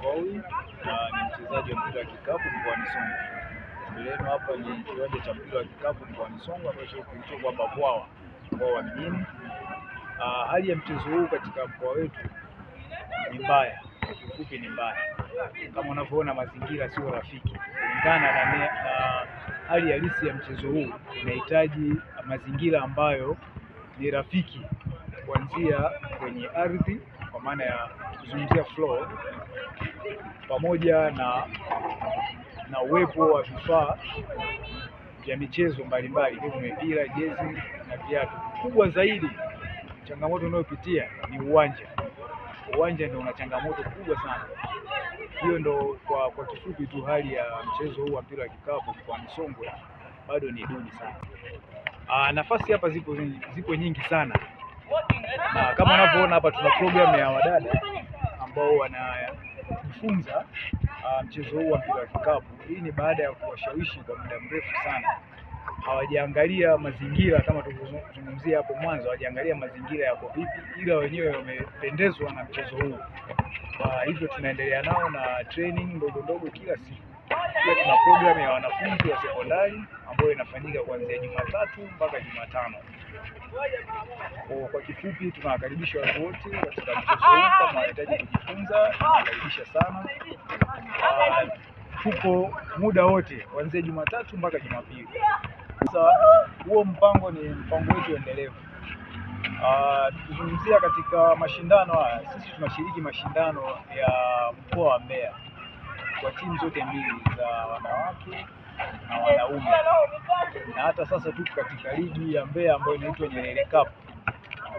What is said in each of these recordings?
Ngowi na ni mchezaji wa mpira wa kikapu mkoani Songwe. Mbele yenu hapa ni kiwanja cha mpira wa kikapu mkoani Songwe ambacho kilichoko hapa Bwawa, Bwawa mjini. Uh, ah, hali ya mchezo huu katika mkoa wetu ni mbaya, kwa kifupi ni mbaya. Kama unavyoona mazingira sio rafiki kulingana na, na hali halisi ya mchezo huu inahitaji mazingira ambayo ni rafiki kuanzia kwenye ardhi, kwa maana ya kuzungumzia floor pamoja na na uwepo wa vifaa vya michezo mbalimbali kama mipira, jezi na viatu. Kubwa zaidi changamoto unayopitia ni uwanja. Uwanja ndio una changamoto kubwa sana. Hiyo ndo kwa, kwa kifupi tu hali ya mchezo huu wa mpira wa kikapu kwa msongwe bado ni duni sana. Aa, ah, nafasi hapa zipo, zipo nyingi sana na kama unavyoona hapa tuna program ya wadada ambao wana kujifunza ah, mchezo huu wa mpira wa kikapu. Hii ni baada ya kuwashawishi kwa muda mrefu sana, hawajaangalia mazingira kama tulivyozungumzia hapo mwanzo, hawajaangalia mazingira yako vipi, ila wenyewe wamependezwa na mchezo huu. Kwa ah, hivyo tunaendelea nao na training ndogo ndogo kila siku. Pia tuna programu ya wanafunzi wa sekondari ambayo inafanyika kuanzia Jumatatu mpaka Jumatano. Kwa kifupi, tunawakaribisha watu wote katika mchezo huu. Kama wanahitaji kujifunza, tunawakaribisha sana. Ah, Tuko muda wote kuanzia Jumatatu mpaka Jumapili. Sasa huo mpango ni mpango wetu endelevu. Ah, tukizungumzia katika mashindano haya, sisi tunashiriki mashindano ya mkoa wa Mbeya kwa timu zote mbili za wanawake na wanaume, na hata sasa tuko katika ligi ya Mbeya ambayo inaitwa Nyerere Cup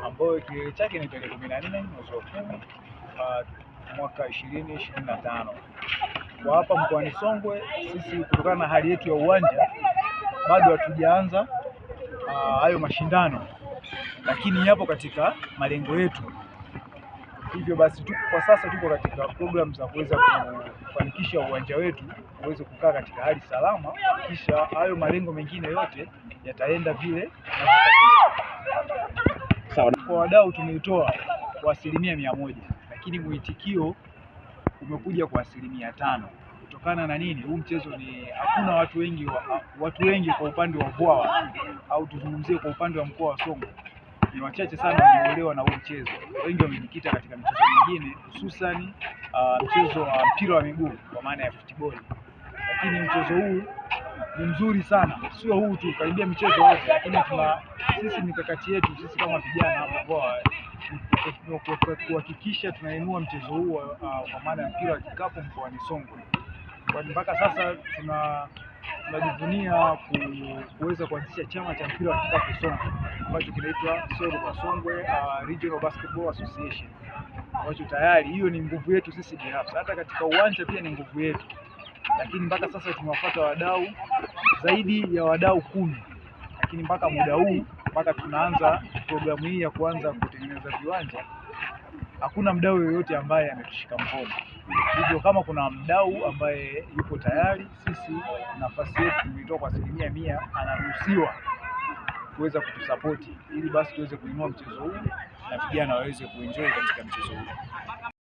ambayo kilele chake ni tarehe kumi na nne mwezi wa kumi ah, mwaka ishirini ishirini na tano kwa hapa mkoani Songwe. Sisi kutokana na hali yetu ya uwanja bado hatujaanza ah, hayo mashindano, lakini yapo katika malengo yetu. Hivyo basi tu, kwa sasa tuko katika program za kuweza kufanikisha uwanja wetu uweze kukaa katika hali salama, kisha hayo malengo mengine yote yataenda vile sawa. Kwa wadau tumeitoa kwa asilimia mia moja, lakini mwitikio umekuja kwa asilimia tano. Kutokana na nini? Huu mchezo ni hakuna watu wengi wa, watu wengi kwa upande wa Vwawa au tuzungumzie kwa upande wa mkoa wa Songwe ni wachache sana walioelewa na huu mchezo. Wengi wamejikita katika michezo mingine hususan uh, mchezo wa mpira wa miguu kwa maana ya football, lakini mchezo huu ni mzuri sana, sio huu tu, karibia michezo yote, lakini tuna sisi, mikakati yetu sisi kama vijana hapa ah, kuhakikisha tunainua mchezo huu uh, kwa maana ya mpira wa kikapu mkoani Songwe. Mpaka sasa tuna tunajivunia kuweza kuanzisha chama cha mpira wa kikapu Songwe ambacho kinaitwa kwa Songwe uh, Regional Basketball Association, ambacho tayari hiyo ni nguvu yetu sisi binafsi, hata katika uwanja pia ni nguvu yetu, lakini mpaka sasa tumewapata wadau zaidi ya wadau kumi, lakini mpaka muda huu mpaka tunaanza programu hii ya kuanza kutengeneza viwanja, hakuna mdau yoyote ambaye ametushika mkono. Hivyo kama kuna mdau ambaye yupo tayari, sisi nafasi yetu tumeitoa kwa asilimia mia, anaruhusiwa kuweza kutusapoti ili basi tuweze kuinua mchezo huu na vijana waweze kuenjoy katika mchezo huu.